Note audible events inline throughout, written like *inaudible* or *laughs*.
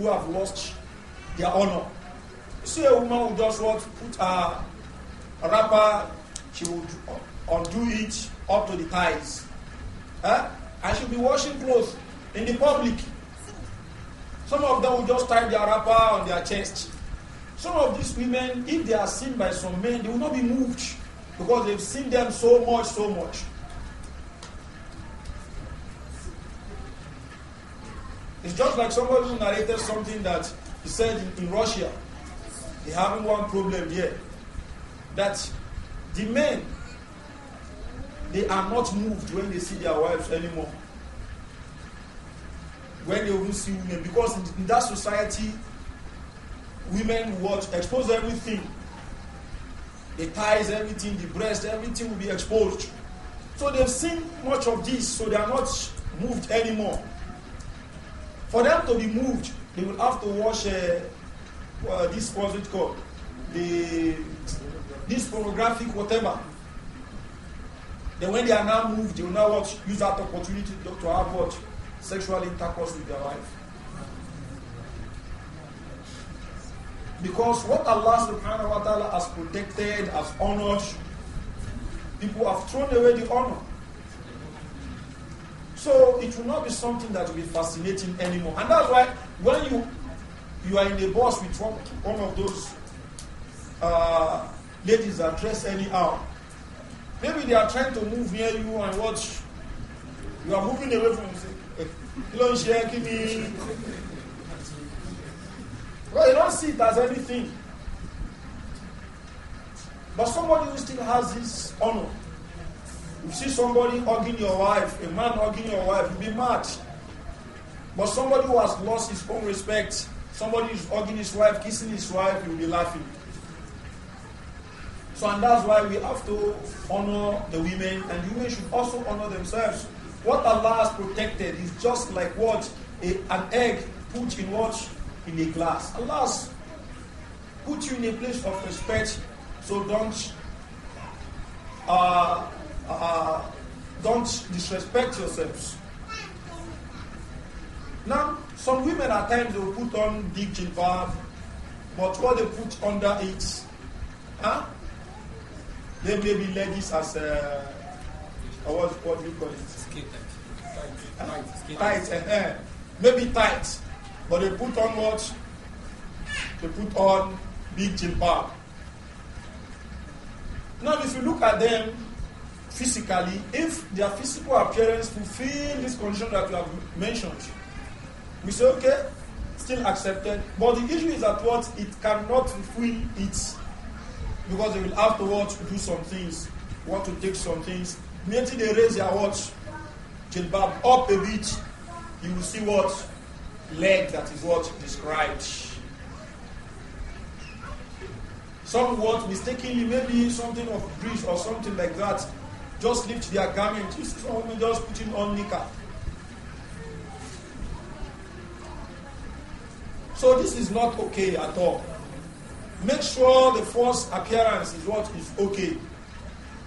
who have lost their honor. You see a woman who just wants to put a wrapper, she would undo it up to the thighs. Huh? Eh? And she'll be washing clothes in the public. Some of them will just tie their wrapper on their chest. Some of these women, if they are seen by some men, they will not be moved because they've seen them so much, so much. It's just like somebody who narrated something that he said in, Russia, they having one problem here. That the men, they are not moved when they see their wives anymore. When they will see women. Because in, in that society, women watch Expose everything. The thighs, everything, the breast, everything will be exposed. So they've seen much of this, so they are not moved anymore. For them to be moved, they will have to watch uh, uh, this, what's it called? The, this pornographic whatever. Then when they are now moved, they will now watch, use that opportunity to, to have what? Sexual intercourse with their wife. Because what Allah subhanahu wa ta'ala has protected, has honored, people have thrown away the honor. So it will not be something that will be fascinating anymore. And that's why when you you are in a bus with one, of those uh, ladies that dress anyhow, maybe they are trying to move near you and watch. You are moving away from me. Eh, well, you don't see it as anything. But somebody who still has his honor you see somebody hugging your wife, a man hugging your wife, you'll be mad. But somebody who has lost his own respect, somebody is hugging his wife, kissing his wife, you'll be laughing. So, and that's why we have to honor the women, and women should also honor themselves. What Allah has protected is just like what a, an egg put in what in a glass. Allah has put you in a place of respect, so don't uh, uh, don't disrespect yourselves. Now, some women at times will put on big jilbab, but what they put under it, huh? They may be ladies as a, uh, uh, what, what do you call it? tight. Tight. tight. tight. Uh-huh. Maybe tight, but they put on what? They put on big jilbab. Now, if you look at them, physically, if their physical appearance fulfill this condition that you have mentioned, we say, okay, still accepted. But the issue is that what it cannot fulfill it because they will afterwards do some things, want to take some things. Maybe they raise their watch, jilbab up a bit, you will see what leg that is what described. Somewhat mistakenly, maybe something of breeze or something like that, just lift their garment. You see some women just putting on nikah. So this is not okay at all. Make sure the first appearance is what is okay.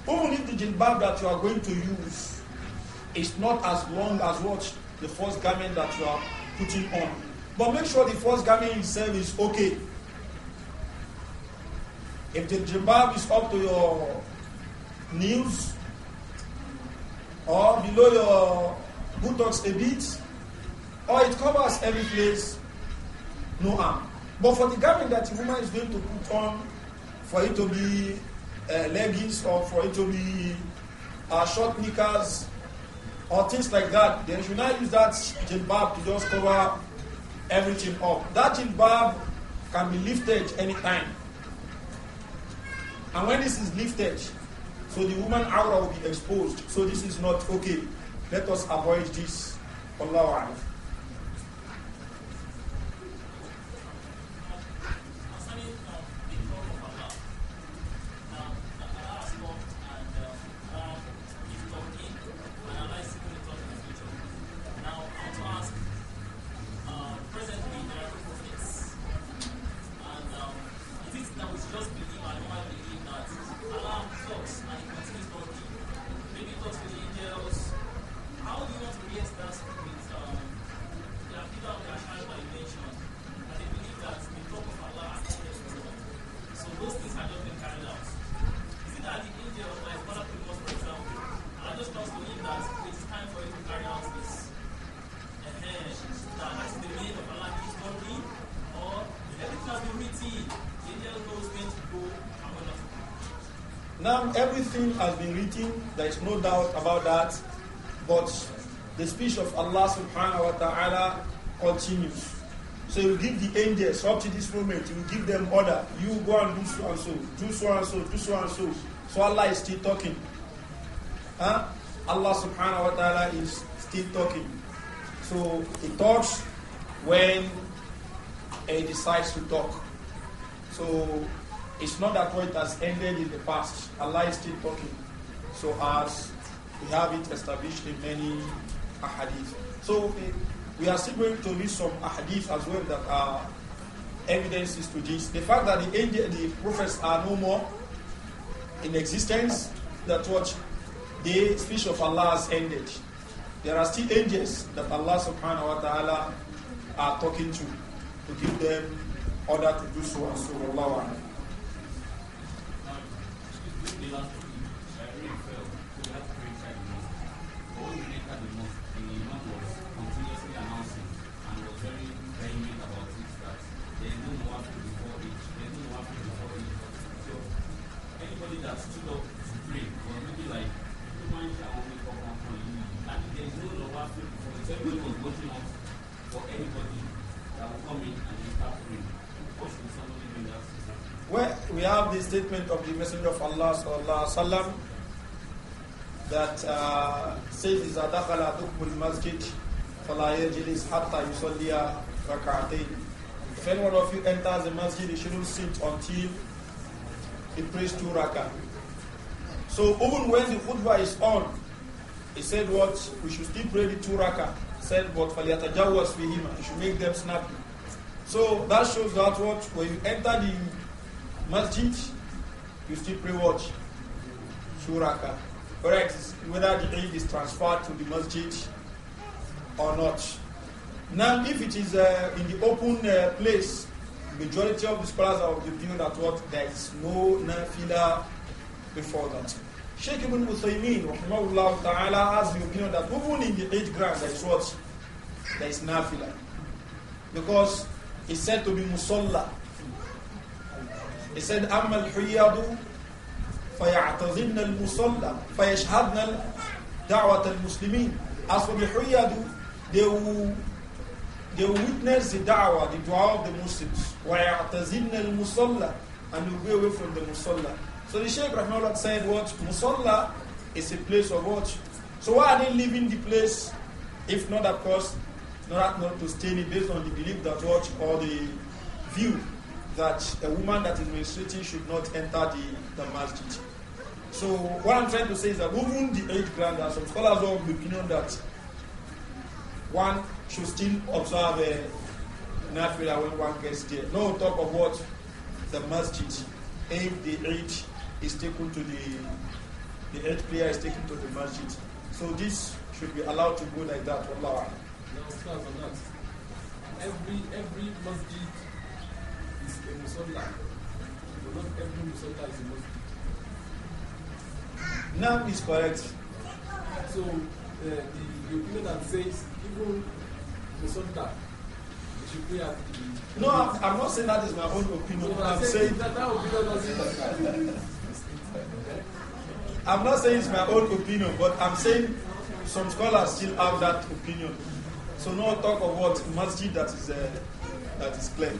Only the jilbab that you are going to use is not as long as what the first garment that you are putting on. But make sure the first garment itself is okay. If the jilbab is up to your knees, or below your buttocks a bit, or it covers every place, no harm. But for the garment that the woman is going to put on, for it to be uh, leggings or for it to be uh, short knickers or things like that, then you should not use that jilbab to just cover everything up. That jilbab can be lifted anytime. And when this is lifted, so the woman aura will be exposed. So this is not okay. Let us avoid this. Allahu Akbar. Now, everything has been written, there is no doubt about that, but the speech of Allah subhanahu wa ta'ala continues. So you give the angels up to this moment, you give them order, you go and do so and so, do so and so, do so and so. So Allah is still talking. Huh? Allah subhanahu wa ta'ala is still talking. So he talks when he decides to talk. So it's not that what has ended in the past. Allah is still talking. So as we have it established in many ahadith. So eh, we are still going to read some ahadith as well that are evidences to this. The fact that the angel, the prophets are no more in existence, that what the speech of Allah has ended. There are still angels that Allah subhanahu wa ta'ala are talking to to give them order to do so and so. Allah for anybody have the statement of the Messenger of Allah sallallahu alaihi wasallam that uh, says إذا دخل أحدكم المسجد فلا يجلس حتى يصلي ركعتين. If any one of you enters the masjid, he shouldn't sit until he prays two rakah. So even when the khutbah is on, he said what we should still pray the two rakah. Said what فليتجاوز فيهما. he should make them snappy. So that shows that what when you enter the Masjid, you still pray watch. Shuraka. Correct. Whether the Eid is transferred to the masjid or not. Now, if it is uh, in the open uh, place, majority of the scholars are of the view that what there is no nafila before that. Sheikh Ibn Uthaymeen, rahimahullah ta'ala, has the opinion that even in the eight ground there is what? There is nafila. Because it's said to be musalla. He said, أَمَّا الْحِيَّضُ فَيَعْتَظِمْنَ الْمُصَلَّى فَيَشْهَدْنَ دَعْوَةَ الْمُسْلِمِينَ As for the حِيَّضُ, they will, they will witness the da'wah, the dua of the Muslims. وَيَعْتَظِمْنَ الْمُصَلَّى And will be away from the musalla. So the Shaykh Rahmanullah said what? Musalla is a place of what? So why are they leaving the place? If not, of course, not, not to stay in it based on the belief that what or the view that a woman that is menstruating should not enter the, the masjid. So what I'm trying to say is that even the eight grand, some scholars are of the opinion that one should still observe a nafila when one gets there. No talk of what the masjid, if the eight is taken to the the eight player is taken to the masjid. So this should be allowed to go like that. Allah. Now, on that, every every masjid now is correct. So uh, the, the opinion that says even the. no, I'm, I'm, not saying that is my own opinion. So I'm saying that, that opinion doesn't. I'm not saying it's my own opinion, but I'm saying some scholars still have that opinion. So no talk of what masjid that is uh, that is claimed.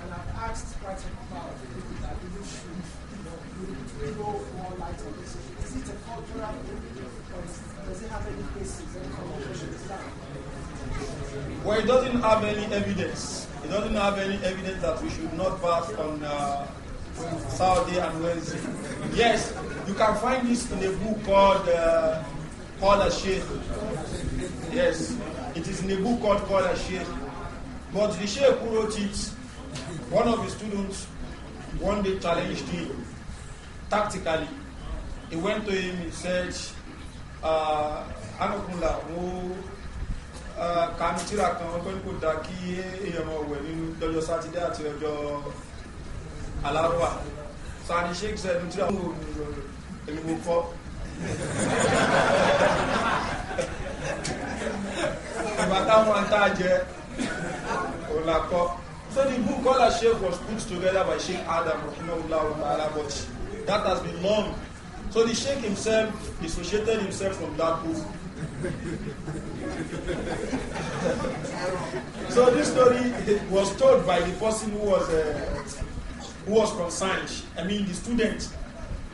And I've asked quite a lot of people that we should you know, more light on this. issue. Is it a cultural thing? Or does it have any basis? Well, it doesn't have any evidence. It doesn't have any evidence that we should not fast on uh, Saturday and Wednesday. Yes, you can find this in a book called uh, Qala Sheikh. Yes, it is in a book called Qala Sheikh. But the Sheikh who wrote it one of the students one day challenged him tactically. He went to him and said, Anukunla, mo kanitira kan ọgbẹ́ kò dá kí èèyàn máa wẹ̀ nínú lọ́jọ́ sátidé àti ọjọ́ alárùbá. Sani Sheikh said, Nutira, èmi mo kọ́. *laughs* Ìgbà táwọn ń tá jẹ, òun kọ́. So the book All Sheikh was put together by Sheikh Adam but that has been long. So the Sheikh himself dissociated himself from that book. *laughs* so this story was told by the person who was uh, who was concerned. I mean, the student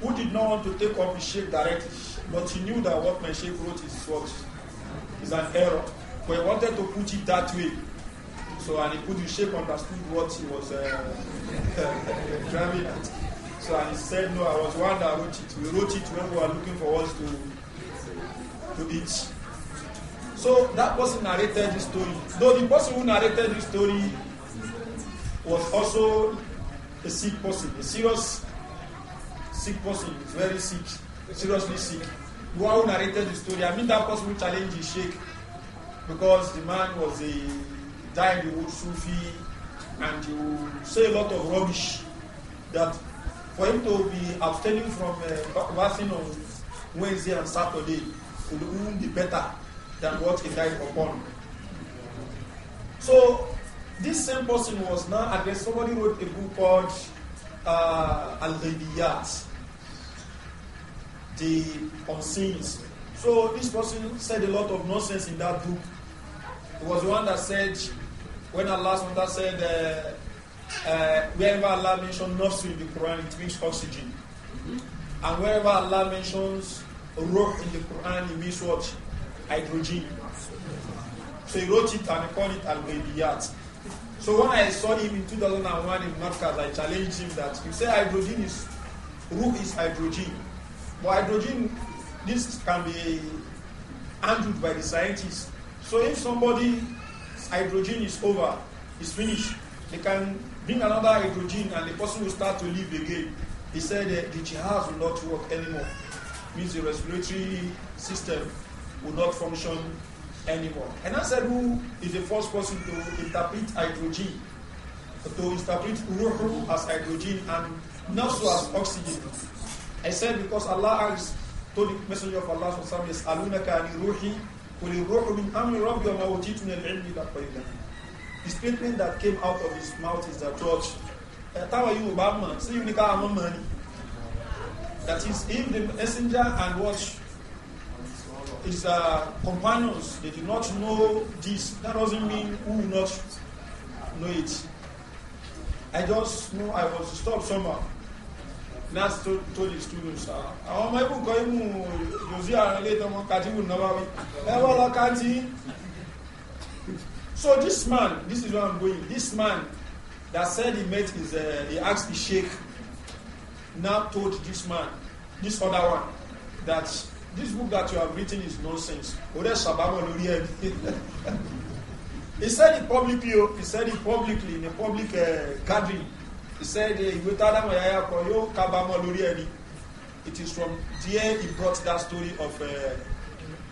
who did not want to take up the sheikh directly, but he knew that what my sheikh wrote is what is an error. But he wanted to put it that way so, and he put the shape understood what he was uh, driving *laughs* at. So, and he said, No, I was one that wrote it. We wrote it when we were looking for us to, to eat. So, that person narrated the story. Though the person who narrated the story was also a sick person, a serious sick person, very sick, seriously sick. The one who narrated the story, I mean, that person who challenged the sheikh because the man was a die the old Sufi and he say a lot of rubbish that for him to be abstaining from uh, fasting on Wednesday and Saturday would even be better than what he died upon. So this same person was now against Somebody wrote a book called uh, Al Ghaibiyat, The Unseens. So this person said a lot of nonsense in that book. It was the one that said when Allah said, uh, uh, wherever Allah mentions nafs in the Quran, it means oxygen. And wherever Allah mentions ruh in the Quran, it means what? Hydrogen. So he wrote it and he called it al ghaibiyat So when I saw him in 2001 in Markaz, I challenged him that he said hydrogen is, ruh is hydrogen. But hydrogen, this can be handled by the scientists. So if somebody hydrogen is over, it's finished, they can bring another hydrogen and the person will start to live again. He said uh, the jihad will not work anymore. Means the respiratory system will not function anymore. And I said, who is the first person to interpret hydrogen? To interpret ruh as hydrogen and nafsu as oxygen. I said because Allah has told the Messenger of Allah, Alunaka ani ruhi وَلِلْرُوحُ مِنْ أَمْرِ رَبِّي وَمَا أُوتِيتُ مِنَ الْعِلْمِ إِلَّا قَلِيلًا The statement that came out of his mouth is that, George, táwa yóò bá mọ̀ sí yóò ní káwa mọ̀ mọ̀ ni that is if the messenger and what his uh, companions they did not know this that doesn't mean who will not know it I just know I was stopped somehow nurse told, the students àwọn ọmọ ibùn kan ibùn yòzí àrùn ilé ìtọ́mọ kàtíbù náà wá wí ẹ lọ so this man this is where i'm going this man that said he met his uh, he asked the sheikh now told this man this other one that this book that you have written is nonsense o de lórí ẹ *laughs* he said it publicly oh, he said it publicly in a public uh, gathering. He said eh, ìwé tádámọ̀ yáyà kọ yóò kábàámọ̀ lórí ẹni. It is from there he brought that story of uh,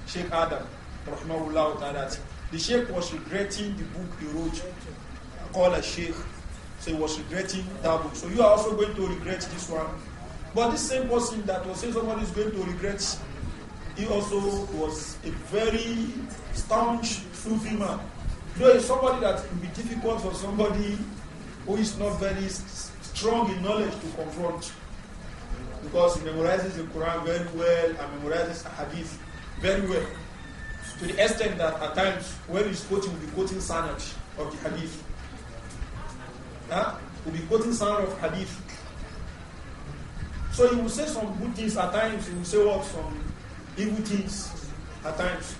Sheikh Adam, rahmahullah that the Sheikh was regretting the book he wrote called a Sheikh. So he was regretting that book. So you are also going to regret this one. But this same person that was saying somebody is going to regret, he also was a very staunch Sufi man. You know, somebody that will be difficult for somebody who is not very strong in knowledge to confront. Because he memorizes the Quran very well and memorizes the hadith very well. To the extent that at times when he's quoting, will be quoting sanat of the hadith. Huh? Will be quoting sanat of hadith. So he will say some good things at times, he will say what some evil things at times.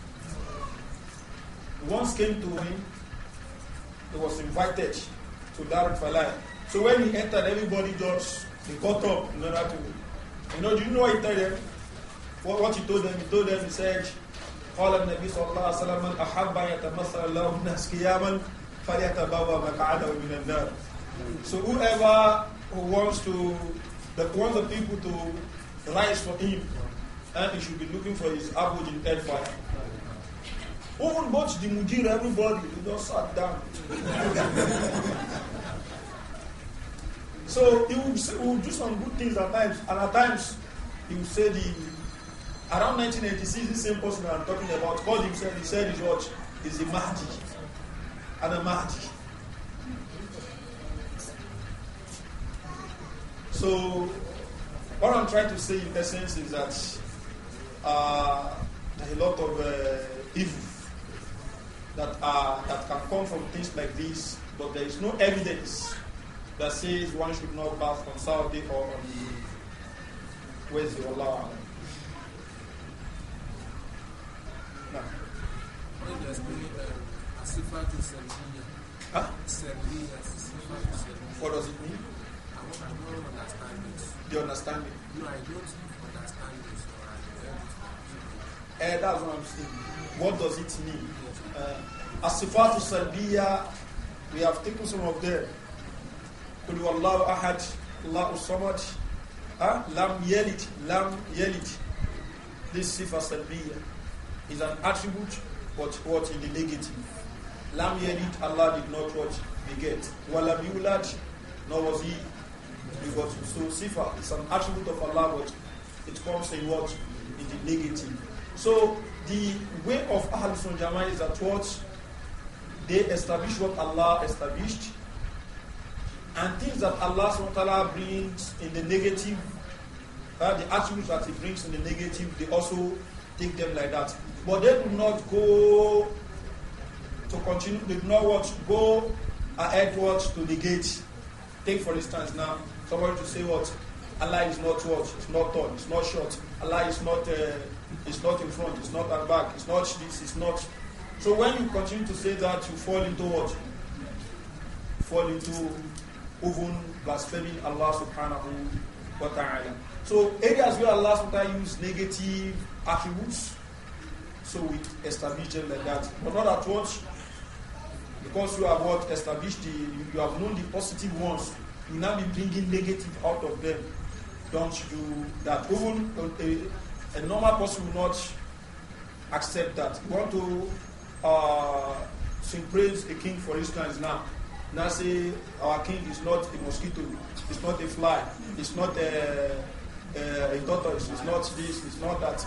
He once came to him, he was invited to Dar falah So when he entered, everybody just, they got up in order to, you know, do you know what he told them? What, what he told them? He told them, he said, قال النبي صلى الله عليه وسلم من أحب يتمثل الله الناس قياما فليتبوى مقعده من النار. So whoever who wants to, that wants the people to rise for him, and eh, he should be looking for his abode in hellfire. Even both the Mujir, everybody, they just sat down. so he would, say, he would do some good things at times, and at times he would say the around 1986, this same person I'm talking about called himself, he said is a Mahdi. And a Mahdi. So what I'm trying to say in essence is that uh, there are a lot of uh, evil that, are, that can come from things like this, but there is no evidence that says one should not bath on Saturday or on Wednesday or Allah. No. Huh? What does it mean? I don't understand it. The understanding. No, I don't uh, that's what I'm saying. What does it mean? Uh, as Salbiya, we have taken some of them. Kul wallahu ahad, so much? huh? lam yelit, lam yelit. This sifa salbiya is an attribute but what in the negative. Lam yelit, Allah did not what beget. Walam yulad, nor was he Because So sifa is an attribute of Allah but it comes in what? In the negative. So the way of Ahl Sunnah is that what they establish what Allah established and things that Allah subhanahu brings in the negative, uh, the attributes that He brings in the negative, they also take them like that. But they do not go to continue, they do not what, go ahead what to negate. Take for instance now, somebody to say what, Allah is not what, it's not tall, it's not short, Allah is not. Uh, it's not in front, it's not at back, it's not this, it's not. So when you continue to say that, you fall into what? Fall into even blaspheming Allah subhanahu wa ta'ala. So areas where Allah subhanahu wa ta'ala uses negative attributes, so we establish them like that. But not at once, because you have what established the, you have known the positive ones, you now be bringing negative out of them. Don't do that. Even uh, a normal person will not accept that. You want to uh, praise a king, for instance, now. Now say our king is not a mosquito, it's not a fly, it's not a, a, a tortoise, it's not this, it's not that.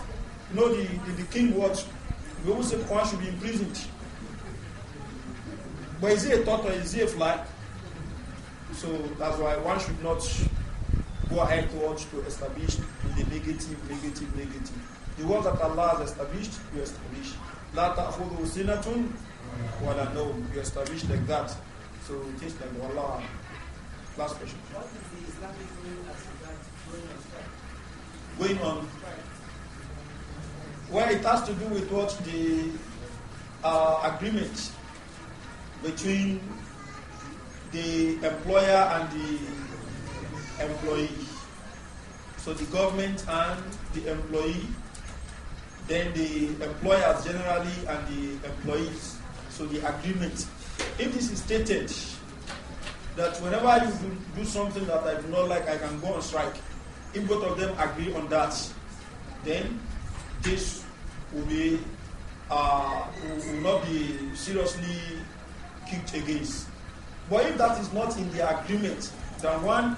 You know, the, the, the king what? We always say one should be imprisoned. But is he a tortoise? Is he a fly? So that's why one should not go ahead to what to establish the negative, negative, negative. The one that Allah has established, you establish. لا تأخذه سنة ولا نوم. You establish like that. So it is like Allah. Last question. What is the Islamic meaning as regards going on strike? Going on. Well, it has to do with what the uh, agreement between the employer and the employee. So the government and the employee, then the employers generally and the employees. So the agreement. If this is stated that whenever you do something that I do not like, I can go on strike. If both of them agree on that, then this will be uh, will not be seriously kicked against. But if that is not in the agreement, then one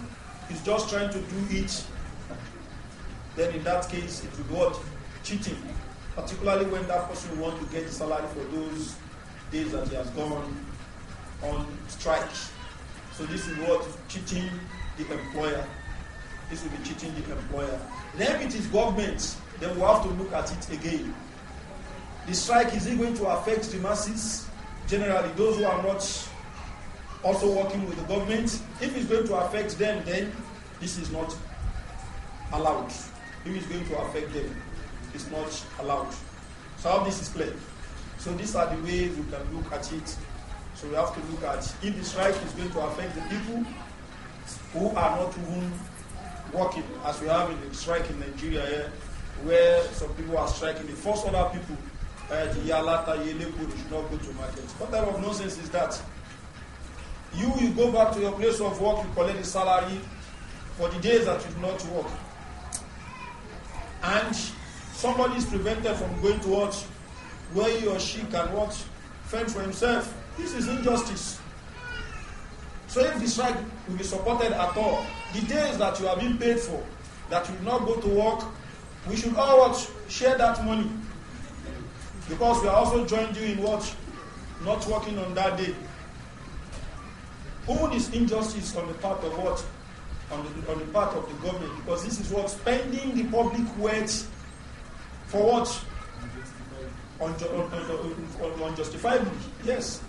is just trying to do it then in that case it would be what? Cheating. Particularly when that person wants to get salary for those days that he has gone on strike. So this is what? Cheating the employer. This will be cheating the employer. Then it is government, then we have to look at it again. The strike, is it going to affect the masses? Generally, those who are not also working with the government, if it's going to affect them, then this is not allowed who is going to affect them is not allowed. So all this is clear. So these are the ways we can look at it. So we have to look at if the strike is going to affect the people who are not even working, as we have in the strike in Nigeria here, where some people are striking. They force other people, uh, the Yalata, Yelepo, they should not go to market. What type of nonsense is that? You, you go back to your place of work, you collect the salary for the days that you did not work and somebody is prevented from going to watch Where he or she can watch Fend for himself. This is injustice. So if the strike will be supported at all, the days that you have been paid for, that you will not go to work, we should all watch Share that money. Because we are also joined you in watch Not working on that day. Who is injustice on the part of what? on the, on the part of the government because this is what spending the public wealth for what? Unjustifiably. yes.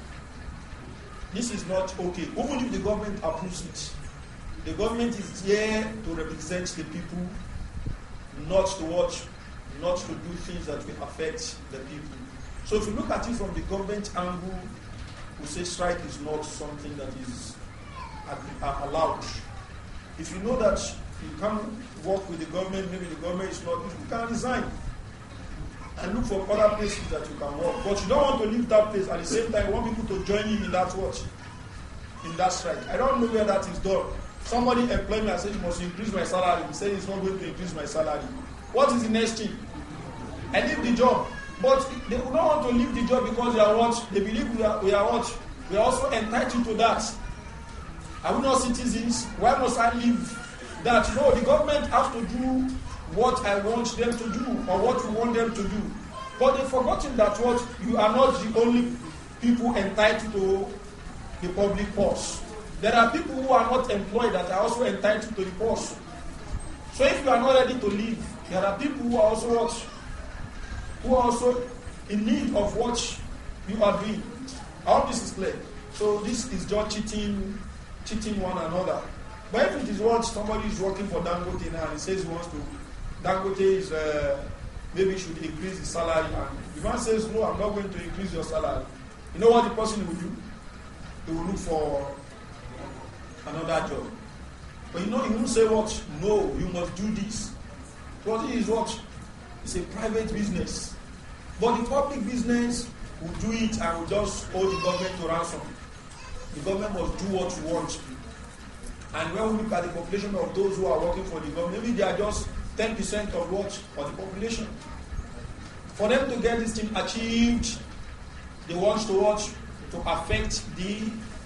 This is not okay. Even if the government approves it, the government is there to represent the people, not to watch, not to do things that will affect the people. So if you look at it from the government angle, we say strike is not something that is uh, allowed if you know that you can't work with the government, maybe the government is not, you can resign and look for other places that you can work. But you don't want to leave that place at the same time you want people to join you in that watch, In that strike. I don't know where that is done. Somebody employed me and said, You must increase my salary. He said, It's not going to increase my salary. What is the next thing? I leave the job. But they don't want to leave the job because they are what? They believe we are, we are what? We are also entitled to that. Are we not citizens? Why must I live that? No, the government has to do what I want them to do or what we want them to do. But they've forgotten that what you are not the only people entitled to the public purse. There are people who are not employed that are also entitled to the purse. So if you are not ready to live, there are people who are also what? Who are also in need of what you are doing. All this is clear. So this is just cheating cheating one another. But if it is what somebody is working for Dangote now and he says he wants to, Dangote is uh, maybe should increase his salary. And the man says, No, I'm not going to increase your salary. You know what the person will do? He will look for another job. But you know, he will not say, What? No, you must do this. What is what? It's a private business. But the public business will do it and will just hold the government to ransom. The government must do what you want. And when we look at the population of those who are working for the government, maybe they are just 10% of what of the population. For them to get this thing achieved, they want to watch to affect the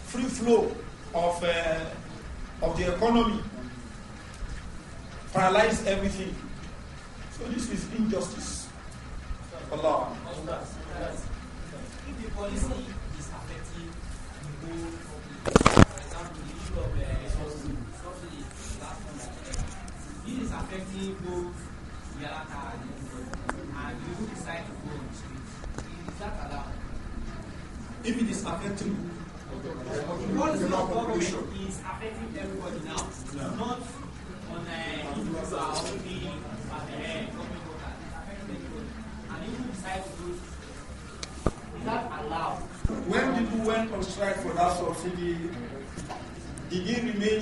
free flow of, uh, of the economy, paralyze everything. So this is injustice. Allah. If the policy is affecting if it is affecting what is not population is affecting everybody now, not on a individual or the worker. It's affecting everybody. And if you decide to do it, is that allowed? When people went on strike for that subsidy, did it remain